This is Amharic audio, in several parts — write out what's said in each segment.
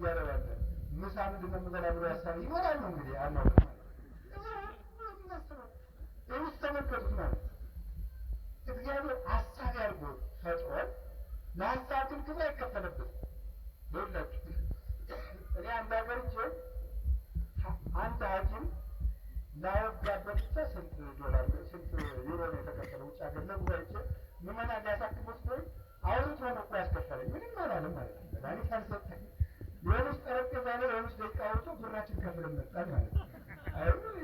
ትያረባለህ፣ ምሳ ምንድን ነው የምበላ ብሎ ያሳብ ይኖራል ነው እንግዲህ አናውቅም ማለት ተመልከቱት ማለት እግዚአብሔር ፈጥሮን ለሀሳብ ግን እኔ አንድ ሀገር እንጂ አንድ ሐኪም ላወጋበት ብቻ ስንት ዶላር ስንት ዩሮ ነው የተከፈለ ውጭ ሀገር ለጉባኤ ምመና ሊያሳክሞች ወይም ይመጣል ማለት ነው።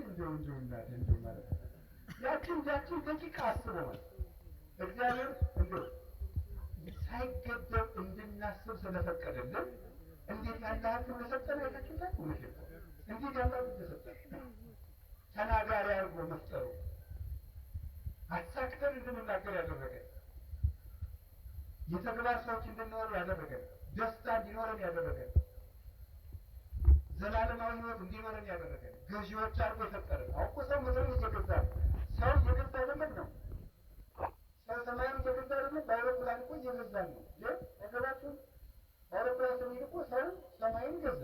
እንደው እንደው እናት እንደው ማለት ነው። ያችን ያችን ደቂቃ አስበዋል። እግዚአብሔር እንደው ሳይገደብ እንድናስብ ስለፈቀደልን እንዴት ያለ ሀብት እንደሰጠን ያላችሁታ እውነት እንዴት ያለ ሀብት እንደሰጠን ተናጋሪ አድርጎ መፍጠሩ አሳክተን እንድንናገር ያደረገ የተግባር ሰዎች እንድንሆን ያደረገ ደስታ እንዲኖረን ያደረገን ዘላለማዊ ሕይወት እንዲኖረን ያደረገ ገዢዎች አድርጎ የፈጠረ አውቁ ሰው ምድርን እየገዛ ሰው እየገዛ አይደለም ነው? ሰው ሰማይን እየገዛ አይደለም በአይሮፕላን እኮ እየገዛ ነው። ግን ነገራችን በአይሮፕላን ስንሄድ እኮ ሰው ሰማይን ገዛ፣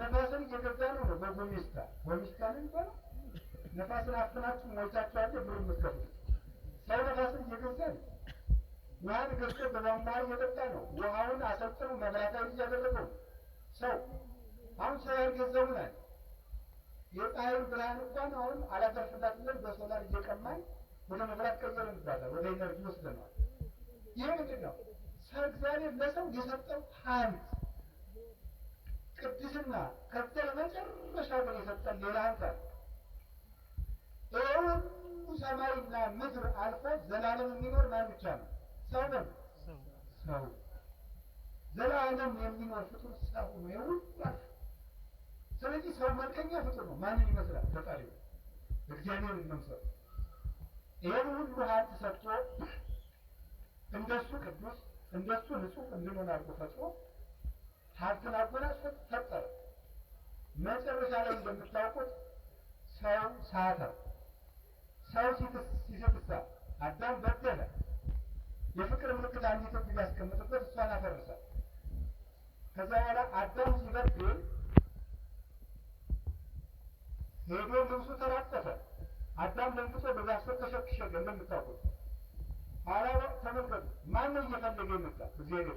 ነፋስን እየገዛ ነው ነው በጎሚስታ ጎሚስታ ነው ይባላል። ነፋስን አፍናችሁ ሞልታችኋል ብሩ የምትከፍሉት ሰው ነፋስን እየገዛ ነው። ውሃን ገዝቶ በማማር እየጠጣ ነው። ውሃውን አሰልጥነው መብራታዊ እያደረገው ሰው አሁን ሶላር ገዘውናል። የፀሐዩን ብርሃን እንኳን አሁን አላተርፍላት ብለን በሶላር እየቀማን ወደ መብራት ቀዘር እንባላል፣ ወደ ኤነርጂ ወስደነዋል። ይህ ምንድን ነው? እግዚአብሔር ለሰው የሰጠው ሀንት ቅድስና ከተ መጨረሻ ግን የሰጠን ሌላ ሀንት አለ። ይህ ሰማይና ምድር አልፎ ዘላለም የሚኖር ማን ብቻ ነው? ሰው ነው። ሰው ዘላለም የሚኖር ፍጡር ሰው ነው። የሁሉ ስለዚህ ሰው መልከኛ ፍጡር ነው። ማንን ይመስላል? ፈጣሪ እግዚአብሔር ይመስላል። ይህን ሁሉ ሀብት ሰጥቶ እንደሱ ቅዱስ እንደሱ ንጹህ እንድንሆን አድርጎ ፈጥሮ ሀብትን አጎናጽፎ ፈጠረ። መጨረሻ ላይ እንደምታውቁት ሰው ሳተ። ሰው ሲስሳ አዳም በደለ። የፍቅር ምልክት አንዲት ያስቀምጥበት እሷን አፈርሳል። ከዛ በኋላ አዳም ሲበድ የእግር ልብሱ ተራጠፈ። አዳም ደንግጦ በዛ ስር ተሸክሸ። ተሸክሸገ። እንደምታውቁት ኋላ ተመልከቱ፣ ማን እየፈለገ መጣ? እግዚአብሔር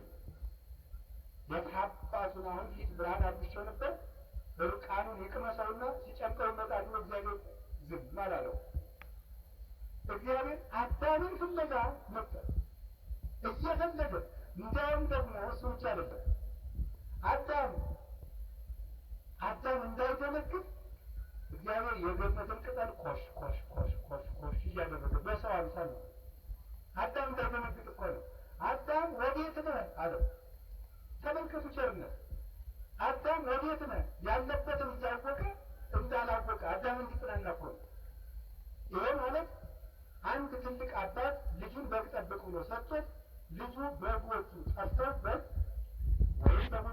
የታባቱን አሁን ፊት ብርሃን አብሽቸው ነበር። እርቃኑን ይቅመሰውና ሲጨምቀው መጣ ብሎ እግዚአብሔር ዝም አላለው። እግዚአብሔር አዳምን ፍለጋ ነበር እየፈለገ። እንዲያውም ደግሞ እሱ ብቻ ነበር እግዚአብሔር የገነትን ቅጠል ኮሽ ኮሽ ኮሽ ኮሽ ኮሽ እያደረገ በሰው አምሳል ነው። አዳም እንዳይደነግጥ እኮ ነው። አዳም ወዴት ነህ አለ። ተመልከቱ ቸርነት። አዳም ወዴት ነህ ያለበትን እንዳወቀ እንዳላወቀ አዳም እንዲጽናና እኮ ነው። ይሄ ማለት አንድ ትልቅ አባት ልጁን በግ ጠብቅ ብሎ ሰጥቶት ልጁ በጎቹ ጠፍተውበት